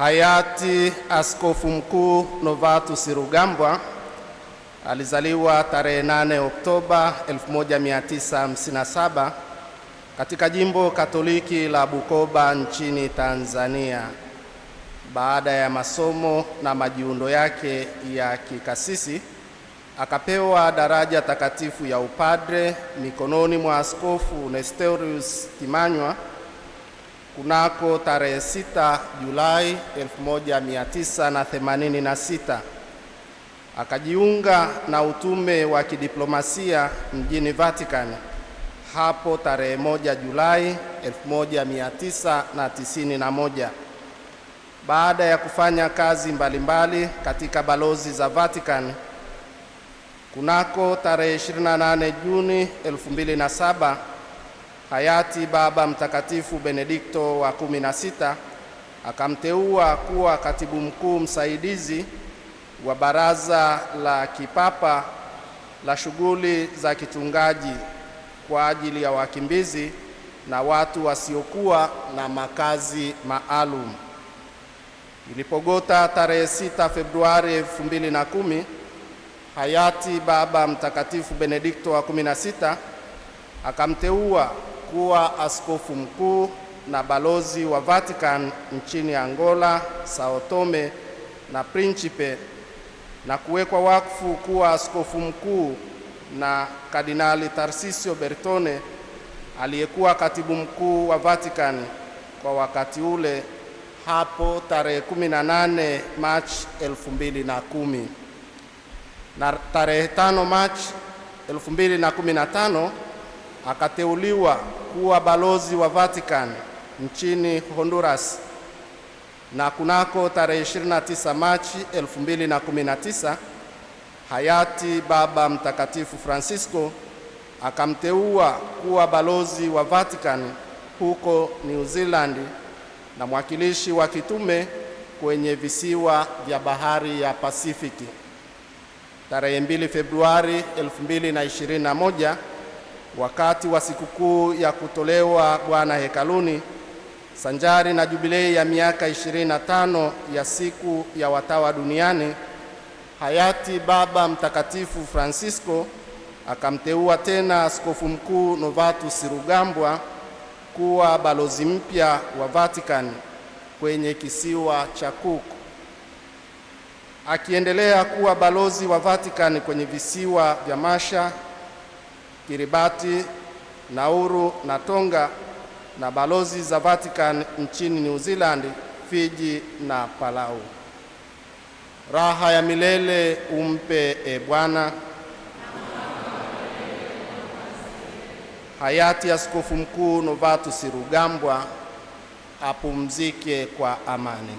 Hayati Askofu Mkuu Novatus Rugambwa alizaliwa tarehe 8 Oktoba 1957 katika jimbo Katoliki la Bukoba nchini Tanzania. Baada ya masomo na majiundo yake ya kikasisi, akapewa daraja takatifu ya upadre mikononi mwa Askofu Nestorius Kimanywa kunako tarehe 6 Julai 1986 akajiunga na utume wa kidiplomasia mjini Vatican hapo tarehe 1 Julai 1991 baada ya kufanya kazi mbalimbali mbali katika balozi za Vatican. Kunako tarehe 28 Juni 2007 hayati Baba Mtakatifu Benedikto wa kumi na sita akamteua kuwa katibu mkuu msaidizi wa Baraza la Kipapa la shughuli za kichungaji kwa ajili ya wakimbizi na watu wasiokuwa na makazi maalum. Ilipogota tarehe 6 Februari 2010, hayati Baba Mtakatifu Benedikto wa 16 akamteua kuwa askofu mkuu na balozi wa Vatican nchini Angola, Sao Tome na Principe na kuwekwa wakfu kuwa askofu mkuu na Kardinali Tarsisio Bertone aliyekuwa katibu mkuu wa Vatican kwa wakati ule hapo tarehe 18 Machi 2010 na tarehe 5 Machi 2015 akateuliwa kuwa balozi wa Vatican nchini Honduras, na kunako tarehe 29 Machi 2019 hayati Baba Mtakatifu Francisco akamteua kuwa balozi wa Vatican huko New Zealand na mwakilishi wa kitume kwenye visiwa vya bahari ya Pasifiki. Tarehe 2 Februari 2021 wakati wa sikukuu ya kutolewa Bwana hekaluni sanjari na jubilei ya miaka 25 ya siku ya watawa duniani, hayati Baba Mtakatifu Francisco akamteua tena Askofu Mkuu Novatus Rugambwa kuwa balozi mpya wa Vatican kwenye kisiwa cha Cook, akiendelea kuwa balozi wa Vatican kwenye visiwa vya Masha Kiribati, Nauru na Tonga na balozi za Vatican nchini New Zealand, Fiji na Palau. Raha ya milele umpe e Bwana hayati Askofu Mkuu Novatus Rugambwa apumzike kwa amani.